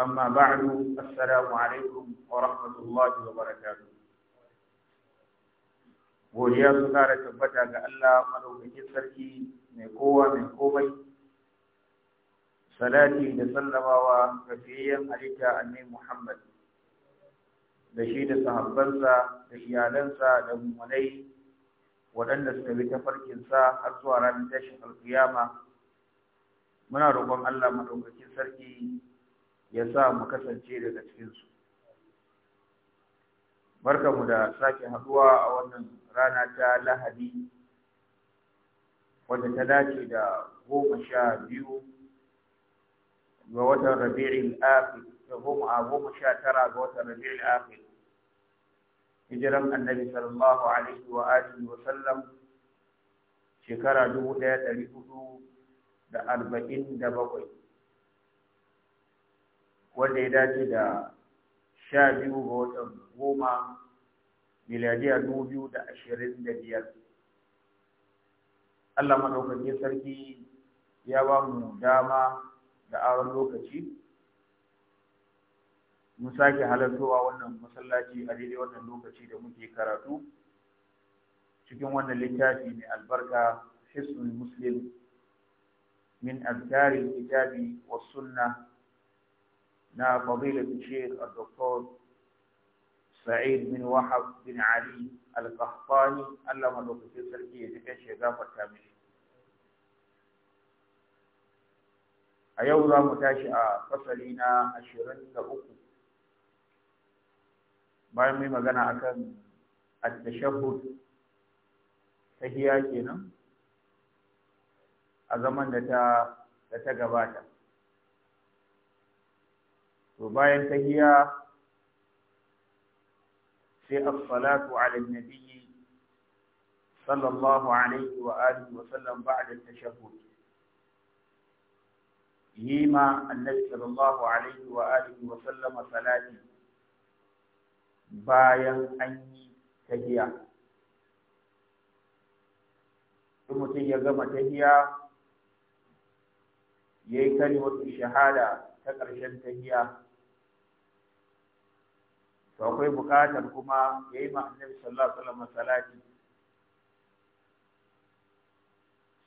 أما بعد السلام عليكم ورحمة الله وبركاته godiya su kara tabbata ga Allah maɗaukakin sarki mai kowa mai komai salati da sallamawa ga fiyayyen halitta annabi Muhammad da shi da sahabbansa da iyalansa da mummunai waɗanda suka bi tafarkinsa har zuwa ranar tashin alkiyama muna roƙon Allah maɗaukakin sarki ya sa mu kasance daga cikinsu mu da sake haduwa a wannan rana ta lahadi wadda ta dace da goma sha biyu ga watan rabi'il akhir goma goma sha tara ga watan rabi'il akhir hijiran annabi sallallahu alaihi wa alihi wa sallam shekara dubu ɗaya ɗari hudu da arba'in da bakwai wanda ya dace da sha biyu ga watan goma miliyadiyar dubu biyu da ashirin da biyar Allah maɗaukaki sarki ya ba mu dama da aron lokaci mun sake halartowa wannan masallaci a daidai wannan lokaci da muke karatu cikin wannan littafi mai albarka hisnul muslim min azkari kitabi wa sunna. na fadilat Sheikh Dr. Sa'id bin Wahab bin Ali Al-Qahtani Allah madaukakin sarki ya jika shi gafarta mishi a yau za mu tashi a fasali na ashirin da uku bayan mai magana akan at-tashahhud tahiya kenan a zaman da ta gabata to bayan tahiya sai as-salatu ala an-nabi sallallahu alaihi wa alihi wa sallam ba'da at-tashahhud yima annabi sallallahu alaihi wa alihi wa sallam salati bayan an yi tahiya in mutum ya gama tahiya ya yi kalimatu shahada ta ƙarshen tahiya to akwai buƙatar kuma ya yi ma annabi sallallahu alaihi wasallam salati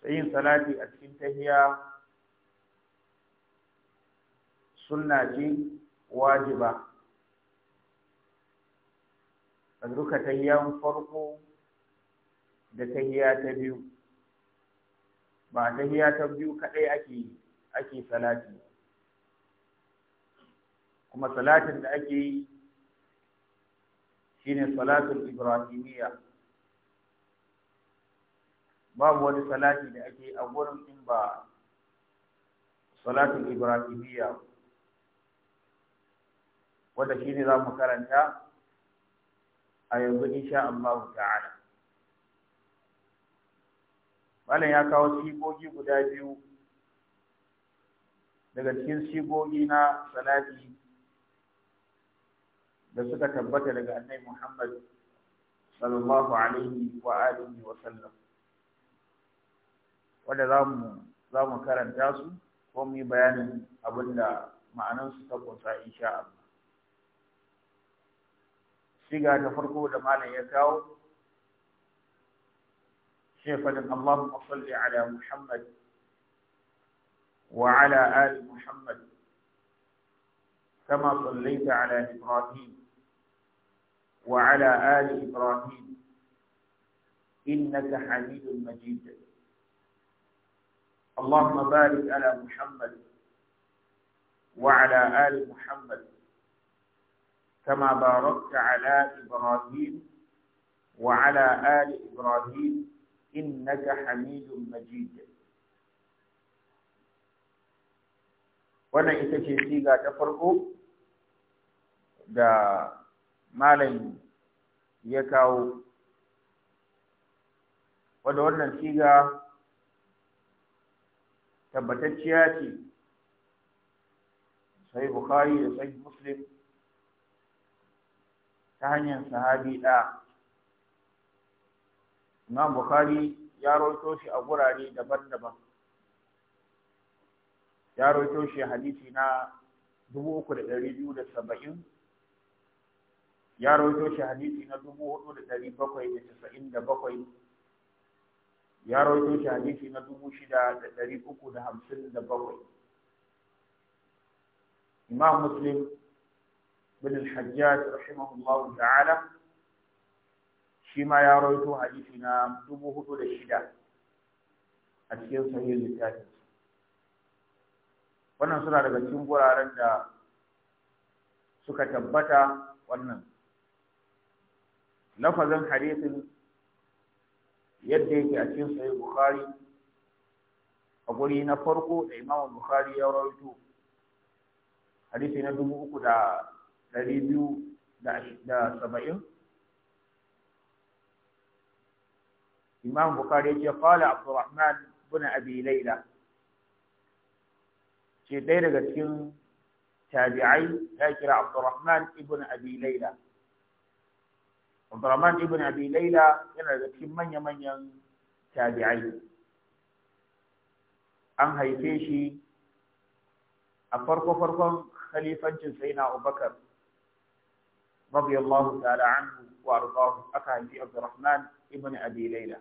sai yin salati a cikin tahiya sunna ce wajiba azruka duka tahiyan farko da tahiya ta biyu ba tahiya ta biyu kaɗai ake ake salati kuma salatin da ake yi shine salatul ibrahimiyya babu wani salati da ake a gurin in ba salatul ibrahimiyya wanda shine za mu karanta a yanzu insha Allah ta'ala malam ya kawo sigogi guda biyu daga cikin sigogi na salati da suka tabbata daga annabi Muhammad sallallahu alaihi wa alihi wa sallam wanda zamu zamu karanta su ko mu yi bayanin abinda ma'anar su ta kunsa insha Allah siga ta farko da malam ya kawo shefadin Allahumma salli ala Muhammad wa ala ali Muhammad kama sallaita ala Ibrahim وعلى آل إبراهيم إنك حميد مجيد اللهم بارك على محمد وعلى آل محمد كما باركت على إبراهيم وعلى آل إبراهيم إنك حميد مجيد wannan ita ce siga ta farko da malam ya kawo wadda wannan siga tabbatacciya ce sai bukhari da sai muslim ta hanyar sahabi ɗaya imam bukhari ya roito shi a gurare daban-daban ya roito shi hadisi na 3270 ya rawaito shi hadisi na dubu da da 4797 ya rawaito shi hadisi na 6357 imam muslim bin al-hajjaj rahimahullahu ta'ala shi ma ya rawaito hadisi na dubu hudu da shida a cikin sahih littafin wannan suna daga cikin wuraren da suka tabbata wannan lafazin hadisin yadda yake a cikin sahih bukhari a guri na farko da imam bukhari ya rawaito hadisi na dubu uku da dari biyu da saba'in imam bukhari ya ce qala abdurrahman bin abi laila ce ɗaya daga cikin tabi'ai ya kira abdurrahman ibn abi laila Abdurrahman ibn Abi yana da cikin manya-manyan tabi'ai. An haife shi a farko-farkon khalifancin Sayyidina Abubakar radiyallahu ta'ala anhu wa ardahu aka haifi Abdurrahman ibn Abi Laila.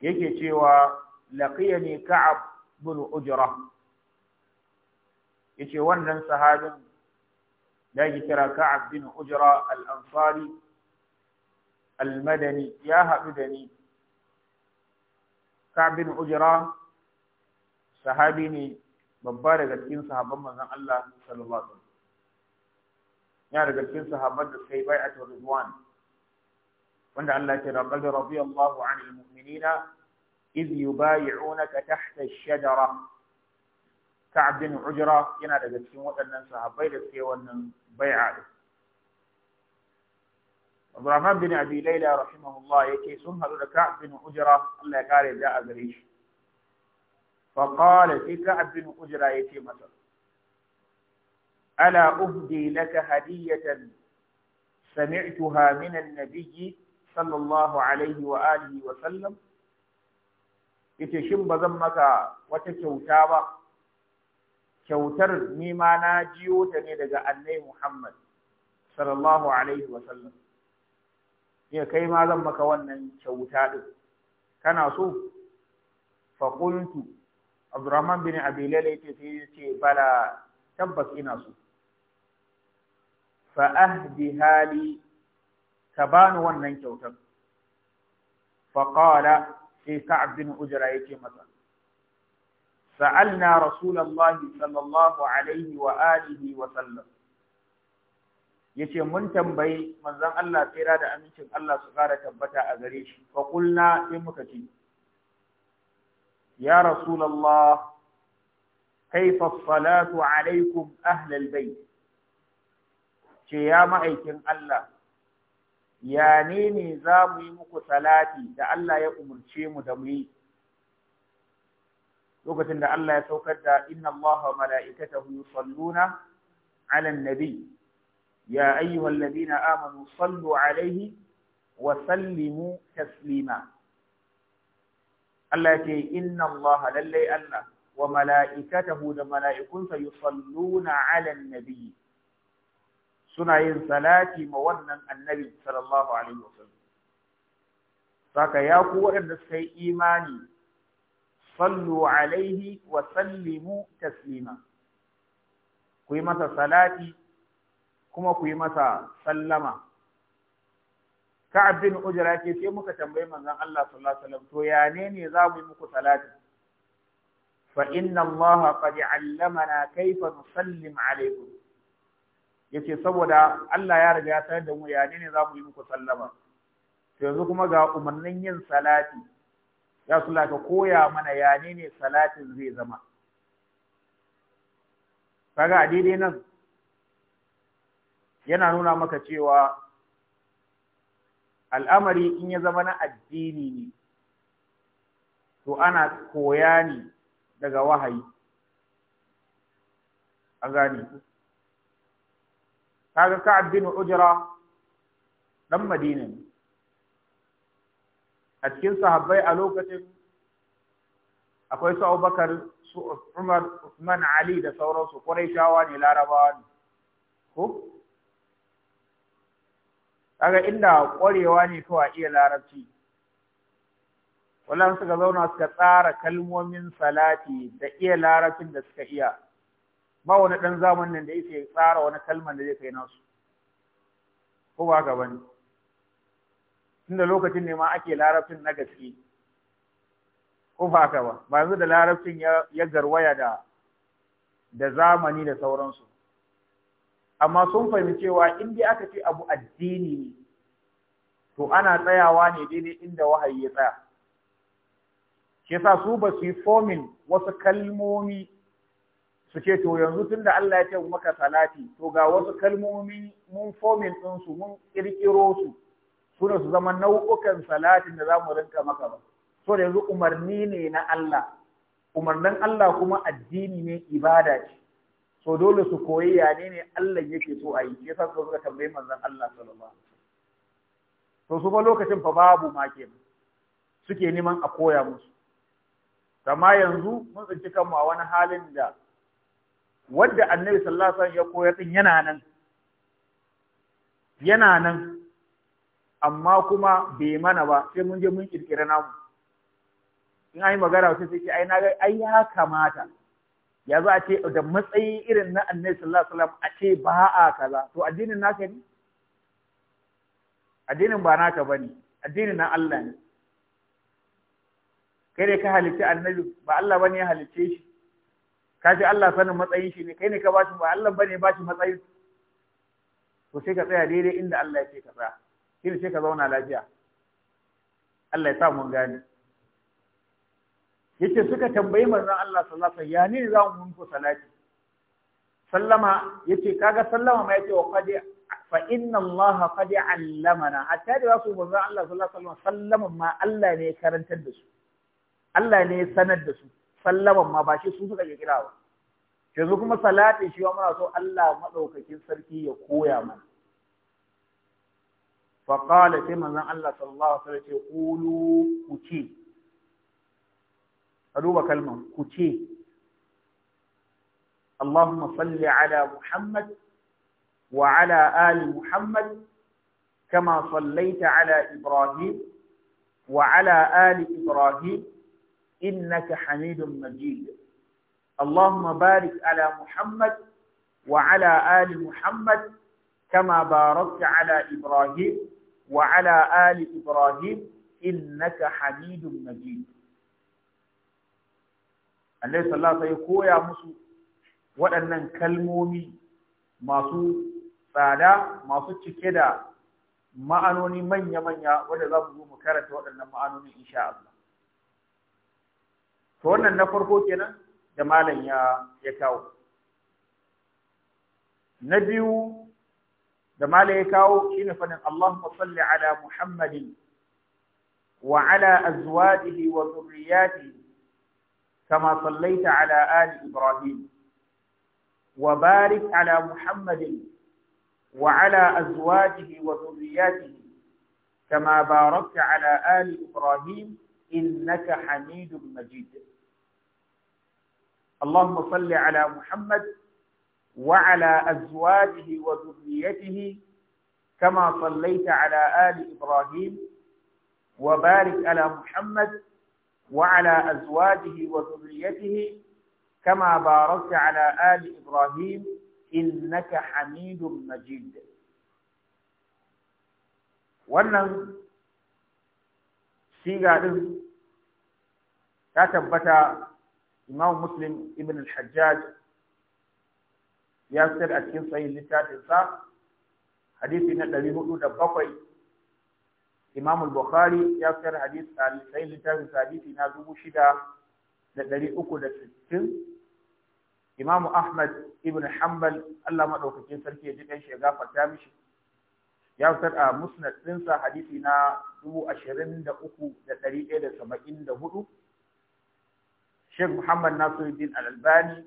Yake cewa laqiyani Ka'ab bin Ujra. Yace wannan sahabin da yake kira Ka'ab bin Ujra al-Ansari al-Madani ya haɗu da ni Ka'ab bin Ujra sahabi ne babba daga cikin sahabban manzon Allah sallallahu alaihi wasallam ya daga cikin sahabban da sai bai'atul ridwan wanda Allah ya ce laqad radiyallahu 'anil mu'minina idh yubay'unaka tahta ash-shajara كعب بن عجرة ينادي دا جسيم وطن صحابي لسكي ونن بيع عبد الرحمن بن أبي ليلى رحمه الله يكي سنها كعب بن عجرة الله قال جاء قريش فقال في كعب بن عجرة يكي مثلا ألا أهدي لك هدية سمعتها من النبي صلى الله عليه وآله وسلم يتشم بذمك وتتوتابا kyautar nima na jiyo ta ne daga annai Muhammad sallallahu alaihi wasallam ya kai ma zan maka wannan kyauta din kana so fa qultu Abdurrahman bin Abi ta sai sai yace bala tabbas ina so fa ahdi hali ka bani wannan kyautar fa qala sai Ka'ab bin Ujra ce masa سألنا رسول الله صلى الله عليه وآله وسلم yace mun tambayi manzon Allah tsira da amincin Allah su kara tabbata a gare shi fa kulna sai muka ce ya rasulullah kaifa salatu alaikum ahlal bait ce ya ma'aikin Allah ya ne ne za mu yi muku salati da Allah ya umurce mu da mu yi lokacin da Allah ya saukar da inna Allah wa mala'ikatahu yusalluna 'alan nabi ya ayyuhal ladina amanu sallu 'alaihi wa sallimu taslima Allah ce inna Allah lallai Allah wa mala'ikatahu da mala'ikunsa yusalluna 'alan nabi suna yin salati ma wannan annabi sallallahu alaihi wa wasallam saka ya ku waɗanda suka yi imani sallu alaihi wa sallimu taslima ku yi masa salati kuma ku yi masa sallama ka'abin bin Ujra ce sai muka tambayi manzon Allah sallallahu alaihi wasallam to ya ne ne za mu yi muku salati fa inna Allah qad 'allamana kayfa nusallim alaikum yace saboda Allah ya riga ya sanar da mu ya ne ne za mu yi muku sallama to yanzu kuma ga umarnin yin salati ya sula ka koya mana ya ne salatin zai zama kaga a daidai nan yana nuna maka cewa al'amari in ya zama na addini ne to ana koya ne daga wahayi a gane kaga ka bin ujra dan madinin. a cikin sahabbai a lokacin akwai su Abubakar su Umar Usman Ali da sauransu Qurayshawa ne Larabawa ne ko kaga inda ƙwarewa ne kawai iya larabci wallan suka zauna suka tsara kalmomin salati da iya larabcin da suka iya ba wani dan zamanin da yake tsara wani kalman da zai kai nasu ko ba ga bane tunda lokacin ne ma ake larabcin na gaske ko ba haka ba ba yanzu da larabcin ya garwaya da da zamani da sauransu amma sun fahimci cewa in aka ce abu addini ne to ana tsayawa ne daidai inda wahayi ya tsaya shi yasa su ba su yi fomin wasu kalmomi su ce to yanzu tunda da Allah ya ce maka salati to ga wasu kalmomi mun fomin ɗinsu mun ƙirƙiro su sune su zama nau'ukan salatin da za mu rinka maka ba so da yanzu umarni ne na Allah umarnin Allah kuma addini ne ibada ce so dole su koyi yane ne Allah yake so a yi ya su suka tambayi manzan Allah sallallahu So su ba lokacin fa babu ma ke suke neman a koya musu Kama yanzu mun tsinci kanmu a wani halin da wadda annabi sallallahu alaihi ya koyar din yana nan yana nan amma kuma bai mana ba sai mun je mun kirkira namu in ai magana sai sai ce ai na ga ai ya kamata ya za a ce da matsayi irin na annabi sallallahu alaihi wasallam a ce ba a kaza to addinin naka ne addinin ba naka bane addinin na Allah ne kai ne ka halicci annabi ba Allah bane ya halicce shi ka ce Allah sanin matsayin shi ne kai ne ka bashi ba Allah bane ya bashi matsayin to sai ka tsaya daidai inda Allah ya ce ka tsaya shi sai ka zauna lafiya Allah ya sa mun gane yace suka tambayi manzon Allah sallallahu alaihi wasallam ya ne za mu muku salati sallama yace kaga sallama ma yace wa qad fa inna Allah qad allamana hatta da su manzon Allah sallallahu alaihi wasallam sallama ma Allah ne ya karantar da su Allah ne ya sanar da su sallaman ma ba shi su suka kira ba yanzu kuma salati shi wa muna so Allah madaukakin sarki ya koya mana فقال سيما من الله صلى الله عليه وسلم قولوا كتي قلوب كلمة كتي اللهم صل على محمد وعلى آل محمد كما صليت على إبراهيم وعلى آل إبراهيم إنك حميد مجيد اللهم بارك على محمد وعلى آل محمد كما باركت على إبراهيم wa ala ali Ibrahim innaka Hamidum Majid Annabi sallallahu alaihi ya koya musu waɗannan kalmomi masu tsada masu cike da ma'anoni manya-manya wanda za mu zo mu karanta waɗannan ma'anoni insha Allah to wannan na farko kenan da malam ya ya kawo na biyu da mala ya kawo shine fanin Allahumma salli ala Muhammadin wa ala azwajihi wa dhurriyyatihi kama sallaita ala ali Ibrahim wa barik ala Muhammadin wa ala azwajihi wa dhurriyyatihi كما باركت على آل إبراهيم إنك حميد مجيد اللهم salli ala Muhammad. وعلى أزواجه وذريته كما صليت على آل إبراهيم وبارك على محمد وعلى أزواجه وذريته كما باركت على آل إبراهيم إنك حميد مجيد wannan في ɗin ta tabbata imam muslim ibn al-hajjaj ya sayar a cikin sahihin littafin sa hadisi na 407 Imam al-Bukhari ya sayar hadisi a sahihin littafin sa hadisi na 6360 Imam Ahmad ibn Hanbal Allah madaukakin sarki ya ji kan shi ya gafarta mishi ya fitar a musnad sa hadisi na 23,174 Sheikh Muhammad Nasiruddin Al-Albani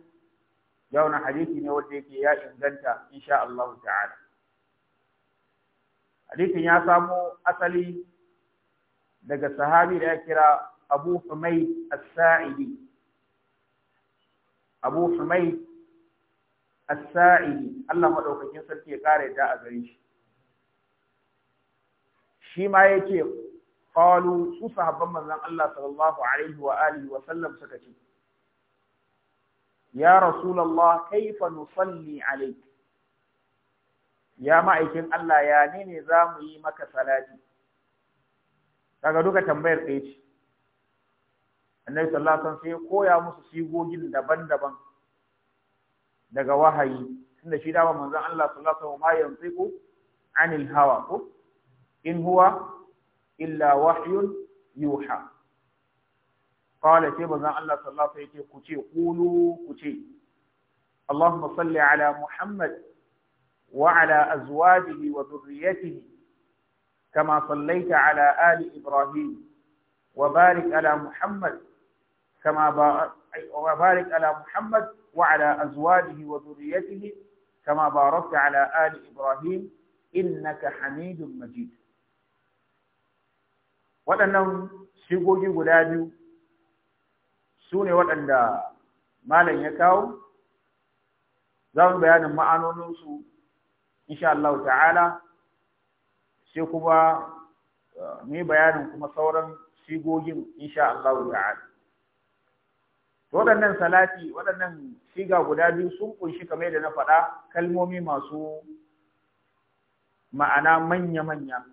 ya wani hadisi ne wanda yake ya inganta insha Allah ta'ala hadisin ya samo asali daga sahabi da ya kira Abu Humayd As-Sa'idi Abu As-Sa'idi Allah madaukakin sarki ya kare da a gare shi shi ma yake qalu su sahabban manzon Allah sallallahu alaihi wa alihi wa sallam suka ce ya rasulullah kaifa nusalli alayk ya ma'aikin Allah ya ne ne za mu yi maka salati kaga duka tambayar ɗaya ce annabi sallallahu alaihi wasallam sai koya musu sigogin daban-daban daga wahayi tunda shi dama manzon Allah sallallahu alaihi wasallam ma yantiqu anil hawa ko in huwa illa wahyun yuha qala sai manzon Allah sallallahu alaihi wasallam ku ce ku ce Allahumma salli ala Muhammad wa ala azwajihi wa dhurriyyatihi kama sallaita ala ali Ibrahim wa barik ala Muhammad kama barik ala Muhammad wa ala azwajihi wa dhurriyyatihi kama barakta ala ali Ibrahim innaka hamidun Majid waɗannan shigogi guda biyu su ne waɗanda malam ya kawo za mu bayanin ma'anoninsu insha ta'ala sai kuma eh, mu bayanin kuma sauran sigogin insha ta'ala. ta'ala waɗannan salati waɗannan siga guda biyu sun kunshi kamar da na faɗa kalmomi masu ma'ana manya-manya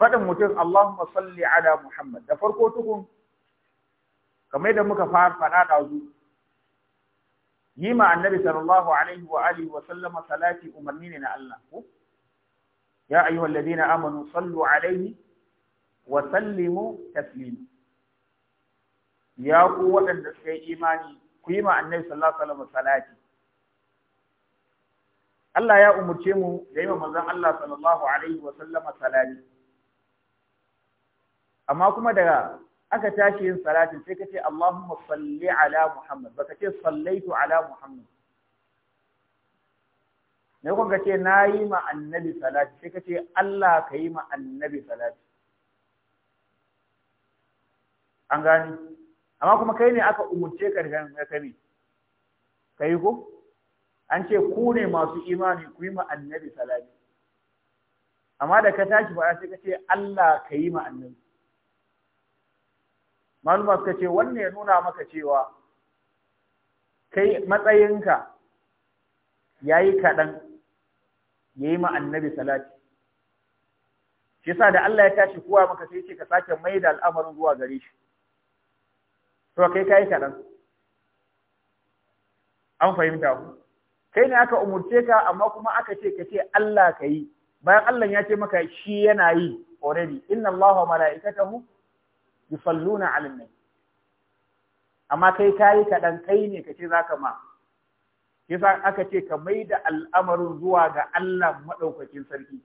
faɗin mutum Allahumma salli ala Muhammad da farko tukun kamar da muka faɗa ɗazu yi ma annabi sallallahu alaihi wa alihi wa sallama salati umarni ne na Allah ko ya ayyuhal ladina amanu sallu alaihi wa sallimu Taslim. ya ku waɗanda suka yi imani ku yi ma annabi sallallahu alaihi wa sallam salati Allah ya umurce mu da yi ma manzon Allah sallallahu alaihi wa sallama salati amma kuma daga aka tashi yin salatin sai ka ce Allahumma salli ala Muhammad baka ce sallaitu ala Muhammad ne kuma ce na yi ma annabi salati sai ka ce Allah ka yi ma annabi salati an gani amma kuma kai ne aka umurce ka da kame kai ko an ce ku ne masu imani ku yi ma annabi salati amma da ka tashi ba sai ka ce Allah ka yi ma annabi maluma suka ce wannan ya nuna maka cewa kai matsayinka yi kaɗan ya ma annabi salati shi sa da Allah ya tashi kuwa maka sai ce ka sake mai da al'amarin zuwa gare shi to kai ka yi kaɗan an fahimta ku kai ne aka umurce ka amma kuma aka ce ka ce Allah ka yi bayan Allah ya ce maka shi yana yi already inna Allah wa mala'ikatahu yusalluna ala nabi amma kai kayi kaɗan kai ne kace zaka ma yasa aka ce ka mai da al'amarin zuwa ga Allah maɗaukakin sarki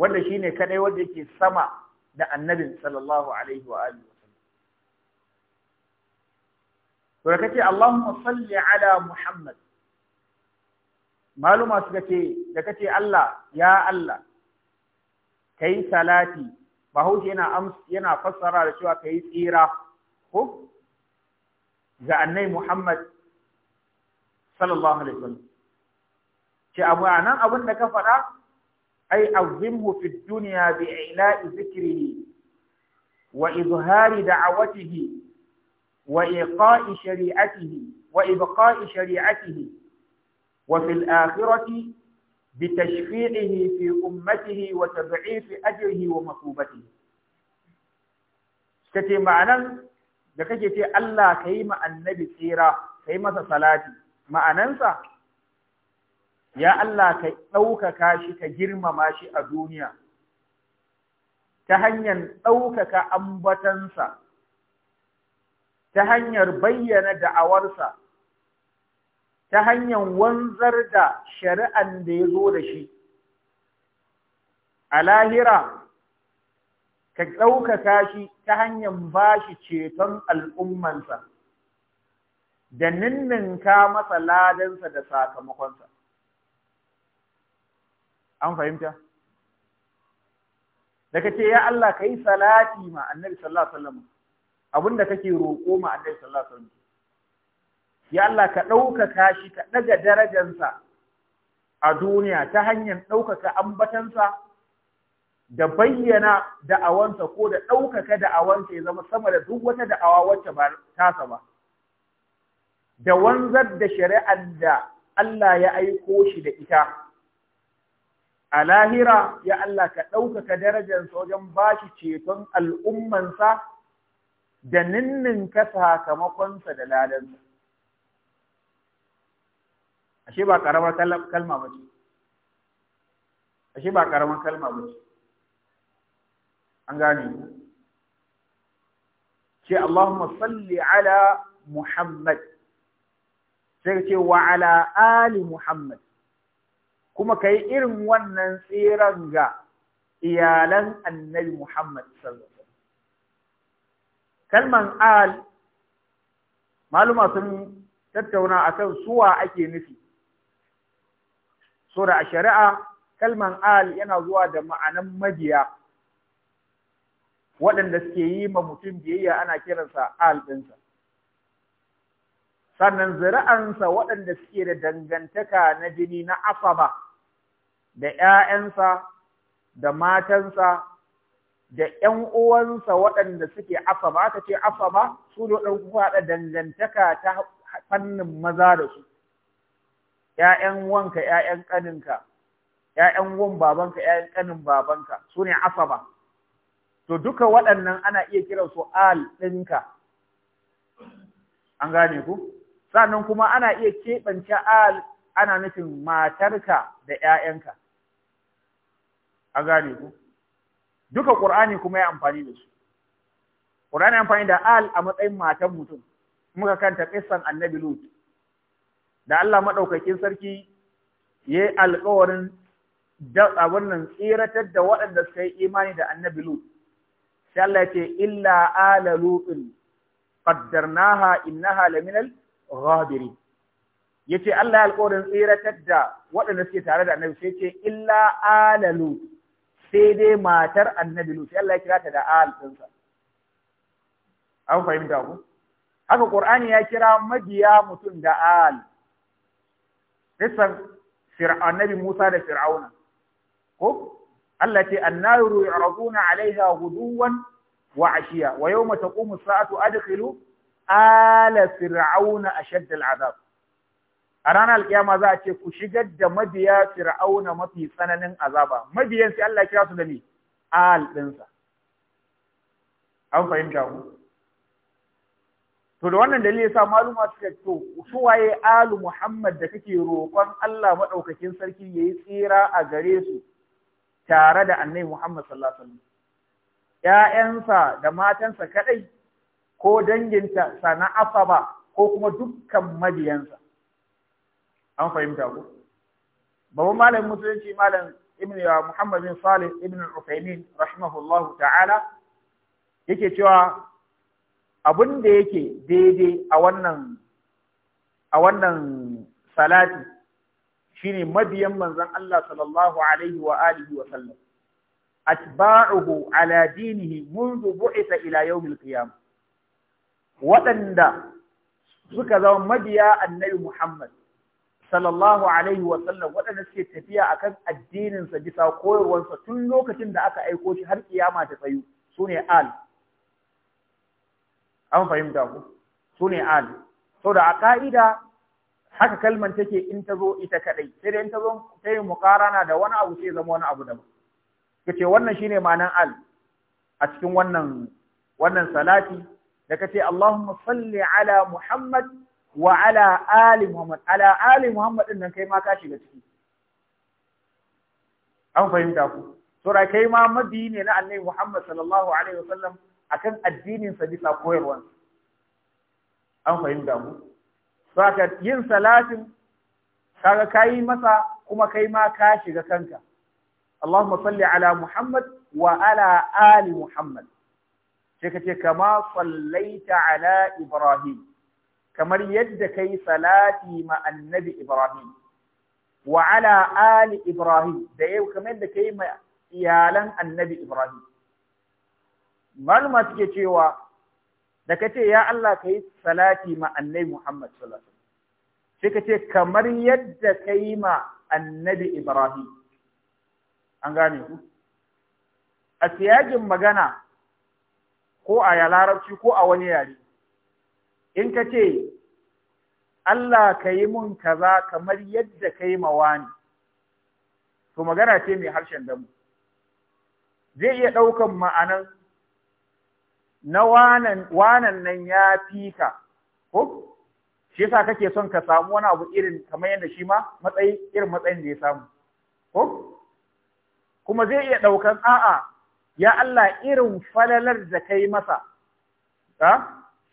wanda shine kadai wanda yake sama da annabin sallallahu alaihi wa alihi to kace Allahumma salli ala Muhammad maluma suka ce da kace Allah ya Allah kai salati bahaushe yana yana fassara da cewa kai tsira ko ga annai Muhammad sallallahu alaihi wasallam ce abu anan abin da ka faɗa ai azimhu fi dunya bi ila'i zikrihi wa izhari da'awatihi wa iqa'i shari'atihi wa ibqa'i shari'atihi wa fil akhirati بتشفيعه في أمته وتضعيف أجره ومثوبته kace ma'anan da kake ce Allah ka yi ma annabi tsira ka yi masa salati ma'anansa ya Allah ka ɗaukaka shi ka girmama shi a duniya ta hanyar ɗaukaka ambatansa ta hanyar bayyana da'awarsa ta hanyar wanzar da shari'an da ya zo da shi a lahira ka ɗaukaka shi ta hanyar ba shi ceton al'ummansa da ninninka masa ladansa da sakamakonsa an fahimta da ka ce ya Allah ka yi salati ma annabi sallallahu alaihi wasallam abinda kake roƙo ma annabi sallallahu alaihi ya Allah ka ɗaukaka shi ka ɗaga darajarsa a duniya ta hanyar ɗaukaka ambatansa da bayyana da'awansa ko da ɗaukaka da'awansa ya zama sama da duk wata da'awa wacce ba tasa ba da wanzar da shari'ar da Allah ya aiko shi da ita a lahira ya Allah ka ɗaukaka darajarsa wajen ba shi ceton al'ummansa da ninninka sakamakonsa da ladansa ashe ba karamar kalma ba ce ashe ba karamar kalma ba ce an gane ku ce Allahumma salli ala Muhammad sai ce wa ala ali Muhammad kuma kai irin wannan tseren ga iyalan annabi Muhammad sallallahu kalman al maluma sun tattauna akan suwa ake nufi so da a shari'a kalman al yana zuwa da ma'anan majiya waɗanda suke yi ma mutum biyayya ana kiransa al ɗinsa sannan zira'ansa waɗanda suke da dangantaka na jini na asaba da ‘ya'yansa da matansa da ‘yan uwansa waɗanda suke asaba aka ce asaba su da ɗan haɗa dangantaka ta fannin maza da su ‘ya'yan wanka, ‘ya'yan ƙaninka, ‘ya'yan wan babanka, ‘ya'yan ƙanin babanka, su ne asaba. To duka waɗannan ana iya kiran su al ɗinka. An gane ku? Sannan kuma ana iya keɓance al ana nufin matarka da ‘ya'yanka. An gane ku? Duka Ƙur'ani kuma ya amfani da su. Ƙur'ani amfani da al a matsayin matan mutum. Muka kanta ƙissan annabi Lut. da Allah maɗaukakin sarki ya yi alkawarin abin nan tsiratar da waɗanda suka yi imani da annabi Lut. Sai Allah ya ce, Illa ala Lutin, qaddarnaha innaha laminal ghabiri. Ya ce Allah ya alkawarin tsiratar da waɗanda suke tare da annabi sai ce, Illa ala Lut, sai dai matar annabi Lut. Sai Allah ya kira ta da al ɗinsa. An fahimta ku? Haka Ƙur'ani ya kira mabiya mutum da al. Kisar annabi Musa da Fir'auna. Ko? Allah ce annaru yu'raduna alaiha guduwan wa ashiya wa yau taqumu as-sa'atu adkhilu ala fir'auna a shaddal azab, A ranar alƙiyama za a ce ku shigar da mabiya fir'auna mafi tsananin azaba. Mabiyan sai Allah ya kira su da ni al ɗinsa. An fahimta ku? to da wannan dalilin sa maluma suka to su waye alu Muhammad da kake roƙon Allah madaukakin sarki yayi tsira a gare su tare da Annabi Muhammad sallallahu alaihi wasallam ƴaƴansa da matansa kadai ko danginta sana asaba ko kuma dukkan mabiyansa an fahimta ko Babu malamin musulunci malam ibn Muhammad bin Salih ibn al-Uthaymeen rahimahullahu ta'ala yake cewa abin da yake daidai a wannan a wannan salati shine mabiyan manzon Allah sallallahu alaihi wa alihi wa sallam atba'uhu ala dinihi منذ bu'itha ila yawmil qiyam wadanda suka zama mabiya annabi Muhammad sallallahu alaihi wa sallam wadanda suke tafiya akan addinin sa bisa koyarwarsa tun lokacin da aka aiko shi har kiyama ta tsayu sune al an fahimta ku su ne an so da a ka'ida haka kalman take in ta zo ita kadai sai dai in ta zo ta yi muqarana da wani abu sai zama wani abu Ka ce wannan shine ma'anan al a cikin wannan wannan salati da ka kace Allahumma salli ala Muhammad wa ala ali Muhammad ala ali Muhammad din nan kai ma ka shiga ciki an fahimta ku da kai ma mabiyi ne na annabi Muhammad sallallahu alaihi wasallam akan addininsa bisa koyarwansa an fahimta mu saka yin salatin kaga kayi masa kuma kai ma ka shiga kanka Allahumma salli ala Muhammad wa ala ali Muhammad sai kace kama sallaita ala Ibrahim kamar yadda kai salati ma annabi Ibrahim wa ala ali Ibrahim da yau kamar yadda kai ma iyalan annabi Ibrahim maluma suke cewa da kace ya Allah kai salati ma annabi Muhammad sallallahu alaihi wasallam sai kace kamar yadda kai ma annabi Ibrahim an gane ku a siyagin magana ko a ya larabci ko a wani yare in ka ce Allah ka yi mun kaza kamar yadda ka yi wani, to magana ce mai harshen damu zai iya ɗaukan ma'anan na wanan wanan nan ya fika ko shi yasa kake son ka samu wani abu irin kamar yadda shi ma matsayi irin matsayin da ya samu ko kuma zai iya daukan a'a ya Allah irin falalar da kai masa ha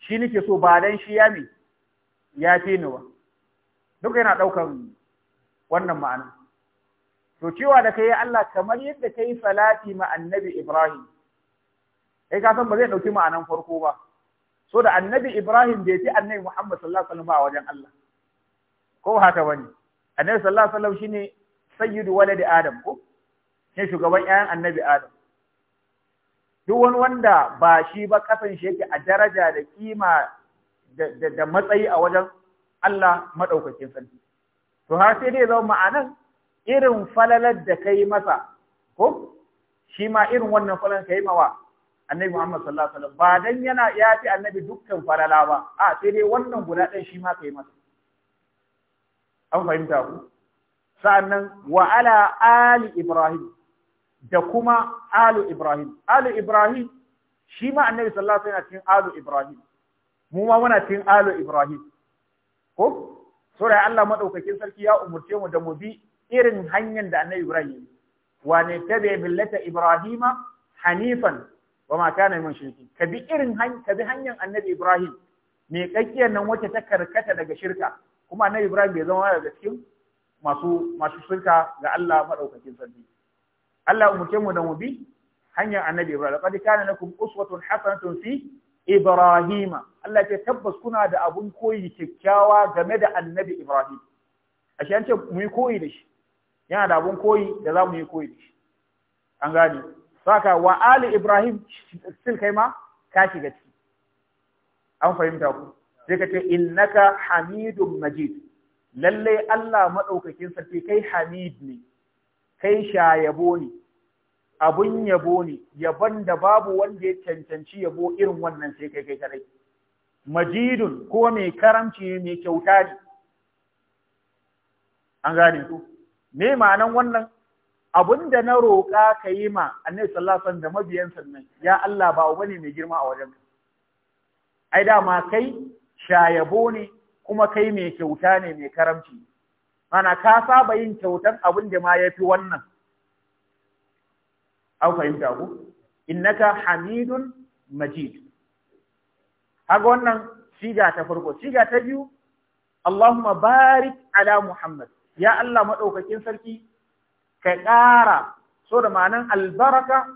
shi nake so ba dan shi ya me ya fi ni ba duka yana daukan wannan ma'ana to cewa da kai ya Allah kamar yadda kai salati ma annabi Ibrahim kai ka san ba zai dauki ma'anan farko ba so da annabi Ibrahim bai ci annabi Muhammad sallallahu alaihi wasallam a wajen Allah ko haka bane annabi sallallahu alaihi wasallam shine sayyidu waladi Adam ko ne shugaban ƴaƴan annabi Adam duk wani wanda ba shi ba kasan shi yake a daraja da kima da matsayi a wajen Allah madaukakin sarki to har sai dai zama ma'anan irin falalar da kai masa ko shi ma irin wannan falalar kai mawa annabi Muhammad sallallahu alaihi wasallam ba dan yana ya fi annabi dukkan falala ba a sai dai wannan guda ɗan shi ma yi masa an fahimta ku sa'annan wa ala ali Ibrahim da kuma alu Ibrahim alu Ibrahim shi ma annabi sallallahu alaihi wasallam yana cikin alu Ibrahim mu ma muna cikin alu Ibrahim ko sura Allah madaukakin sarki ya umurce mu da mu bi irin hanyar da Annabi Ibrahim wa ne tabi millata Ibrahima hanifan wa ma kana min shirki ka bi irin ka hanyar annabi Ibrahim mai kakkiyar nan wace ta karkata daga shirka kuma annabi Ibrahim bai zama daga cikin masu shirka ga Allah madaukakin sarki Allah umurce mu da mu bi hanyar annabi Ibrahim qad kana lakum uswatun hasanatun fi Ibrahim Allah ya tabbas kuna da abun koyi kyakkyawa game da annabi Ibrahim ashe an ce mu yi koyi da shi yana da abun koyi da za mu yi koyi da shi an gane saka wa ali ibrahim still kai ma ka shiga ciki an fahimta ku sai ka ce innaka hamidun majid Lallai Allah madaukakin sarki kai hamid ne kai shayabo ne abun yabo ne yabon da babu wanda ya cancanci yabo irin wannan sai kai kai kadai majidun ko mai karamci mai kyauta an gane ku me ma'anan wannan da na roƙa ka yi ma annabi sallallahu alaihi da mabiyansa nan ya Allah ba wa ne mai girma a wajen ka. ai dama kai shayabo ne kuma kai mai kyauta ne mai karamci mana ka saba yin kyautan abin da ma fi wannan an fahimta ku innaka hamidun majid haka wannan siga ta farko siga ta biyu Allahumma barik ala Muhammad ya Allah madaukakin sarki ka ƙara so da ma'anan albaraka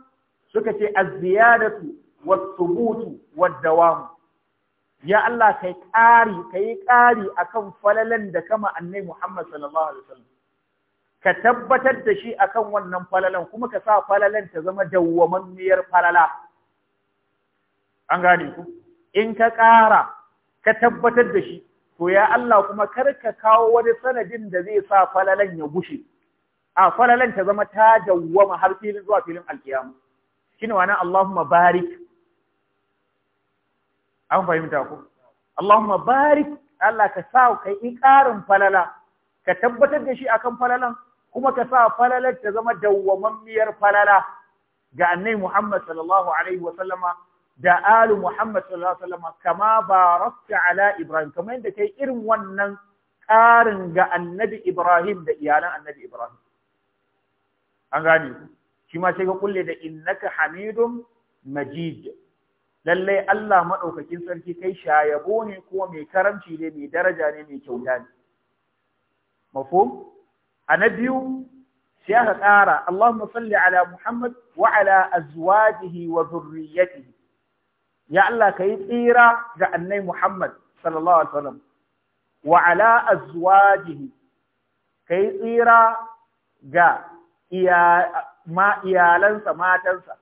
suka ce azziyadatu was-subutu wad-dawam ya Allah kai ƙari ƙari akan falalan da kama annabi Muhammad sallallahu alaihi wasallam ka tabbatar da shi akan wannan falalan kuma ka sa falalan ta zama dawwamammiyar falala an gane ku in ka ƙara ka tabbatar da shi to ya Allah kuma kar ka kawo wani sanadin da zai sa falalan ya gushe a falalan ta zama ta dawwama har filin zuwa filin alkiyama shine wannan Allahumma barik an fahimta ko Allahumma barik Allah ka sa kai ƙarin falala ka tabbatar da shi akan falalan kuma ka sa falalar ta zama dawwamammiyar falala ga annabi Muhammad sallallahu alaihi wa sallama da alu Muhammad sallallahu alaihi wa sallama kama barakta ala Ibrahim kamar yadda kai irin wannan ƙarin ga annabi Ibrahim da iyalan annabi Ibrahim an gane ku shi ma sai ka kulle da innaka hamidum majid lallai Allah madaukakin sarki kai shayabo ne kuma mai karamci ne mai daraja ne mai kyauta ne mafhum na biyu sai aka ƙara Allahumma salli ala Muhammad wa ala azwajihi wa dhurriyyatihi ya Allah kai tsira ga annai Muhammad sallallahu alaihi wasallam wa ala azwajihi kai tsira ga iyalansa matansa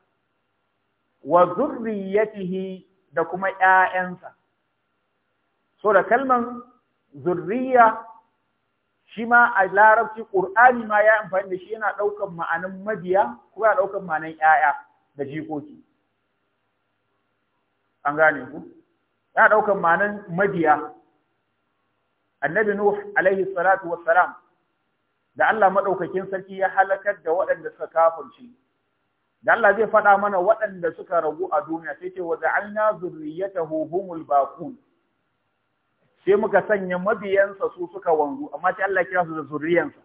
wa zurriyatihi da kuma ‘ya'yansa. So da kalman zurriya shi ma a larabci ƙur'ani ma ya amfani da shi yana ɗaukan ma'anin mabiya kuma yana ɗaukan ma'anin ‘ya'ya da jikoki. An gane ku? Yana ɗaukan ma'anin mabiya. Annabi Nuh alaihi salatu wassalam da Allah madaukakin sarki ya halakar da waɗanda suka kafirci da Allah zai faɗa mana waɗanda suka ragu a duniya sai ce wa ja'alna zurriyatahu humul baqun sai muka sanya mabiyansa su suka wanzu amma sai Allah kira su da zurriyansa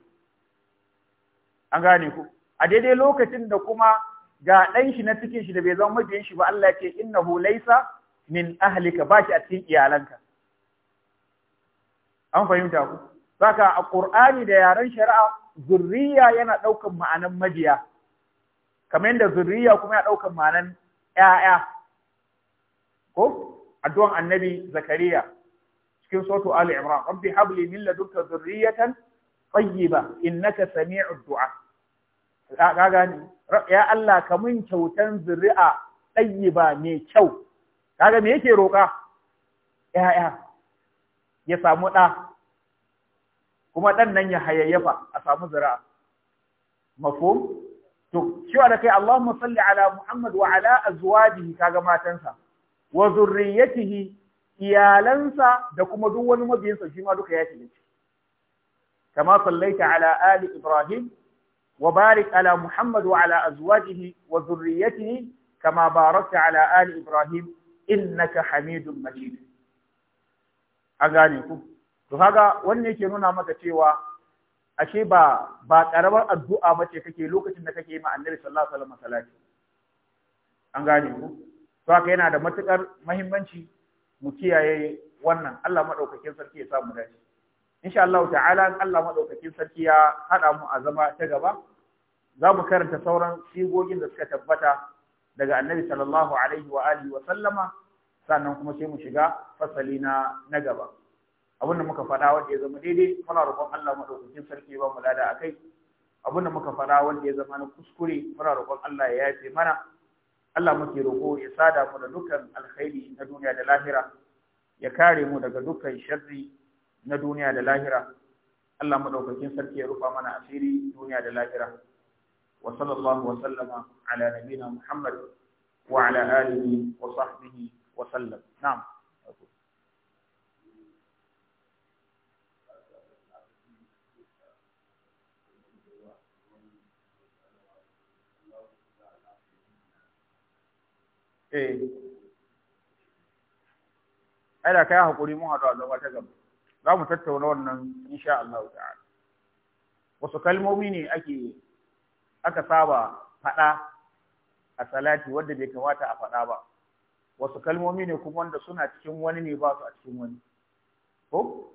an gane ku a daidai lokacin da kuma ga ɗan shi na cikin shi da bai zama mabiyan shi ba Allah ce innahu laysa min ahlika ba shi a cikin iyalanka an fahimta ku Saka a Ƙur'ani da yaren shari'a zurriya yana ɗaukan ma'anan majiya. kamar yadda zurriya kuma ya ɗaukan ma'anan ‘ya'ya. Ko? Addu'an annabi Zakariya cikin sotu Ali Imran, Rabbi habli min ladunka zurriyatan tayyiba innaka in du'a. Ka gani, ya Allah ka mun kyautan zuri'a tayyiba mai kyau. Kaga me yake roƙa? ‘Ya'ya, ya samu ɗa, kuma ɗan nan ya hayayyafa a samu zira mafhum to cewa da kai Allahumma salli ala Muhammad wa ala azwajihi kaga matansa wa zurriyyatihi iyalansa da kuma duk wani mabiyinsa shi ma duka ya shiga kama sallaita ala ali Ibrahim wa barik ala Muhammad wa ala azwajihi wa zurriyyatihi kama barakta ala ali Ibrahim innaka Hamidum Majid An gane ku to kaga wannan yake nuna maka cewa ashe ba ba karamar addu'a ba ce kake lokacin da kake yi ma annabi sallallahu alaihi wasallam salati an gane ku to haka yana da matukar muhimmanci mu kiyaye wannan Allah madaukakin sarki ya sa mu dace insha Allah ta'ala Allah madaukakin sarki ya hada mu a zama ta gaba za mu karanta sauran sigogin da suka tabbata daga annabi sallallahu alaihi wa alihi wa sallama sannan kuma sai mu shiga fasali na na gaba abin da muka faɗa wanda ya zama daidai muna roƙon Allah madaukakin sarki ba mu lada akai abin da muka faɗa wanda ya zama na kuskure muna roƙon Allah ya yafe mana Allah muke roƙo ya sada mu da dukkan alkhairi na duniya da lahira ya kare mu daga dukkan sharri na duniya da lahira Allah madaukakin sarki ya rufa mana asiri duniya da lahira wa sallallahu wa sallama ala nabina Muhammad wa ala alihi wa sahbihi wa sallam na'am eh ai da kai hakuri mun haɗu a zama ta gaba za mu tattauna wannan insha Allah ta'ala wasu kalmomi ne ake aka saba faɗa a salati wanda bai kamata a faɗa ba wasu kalmomi ne kuma wanda suna cikin wani ne ba su a cikin wani ko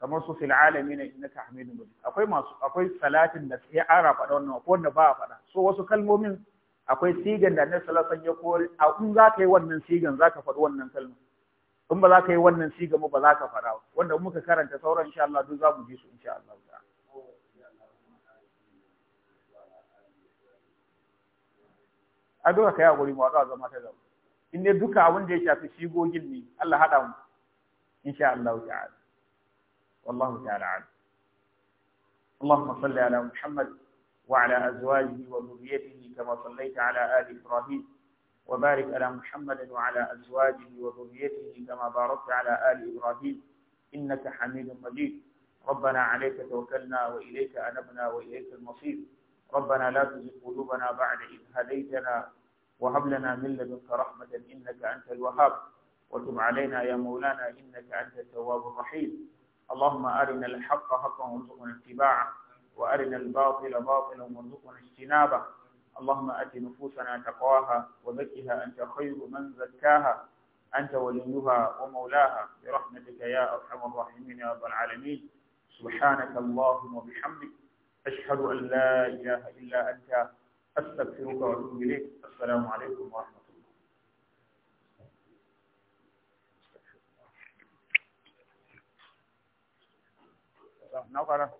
kamar su fil alamin innaka hamidun majid akwai masu akwai salatin da sai ara faɗa wannan ko wanda ba a faɗa so wasu kalmomin akwai sigan da annabi sallallahu alaihi wasallam ya kore a in za ka yi wannan sigan za ka faɗi wannan kalma in ba za ka yi wannan sigan ba za ka faɗa ba wanda muka karanta sauran insha Allah duk za mu ji su insha Allah ta'ala a duka kai guri mu za zama ta zama in dai duka abin da ya shafi shigogin ne Allah hada mu insha Allah ta'ala wallahu ta'ala اللهم صل على محمد وعلى أزواجه وذريته كما صليت على آل إبراهيم وبارك على محمد وعلى أزواجه وذريته كما باركت على آل إبراهيم إنك حميد مجيد ربنا عليك توكلنا وإليك أنبنا وإليك المصير ربنا لا تزغ قلوبنا بعد إذ هديتنا وهب لنا من لدنك رحمة إنك أنت الوهاب وتب علينا يا مولانا إنك أنت التواب الرحيم اللهم أرنا الحق حقا وارزقنا اتباعه وأرنا الباطل باطلا وارزقنا اجتنابه اللهم أت نفوسنا تقواها وزكها أنت خير من زكاها أنت وليها ومولاها برحمتك يا أرحم الراحمين يا رب العالمين سبحانك اللهم وبحمدك أشهد أن لا إله إلا أنت أستغفرك وأتوب إليك السلام عليكم ورحمة الله No,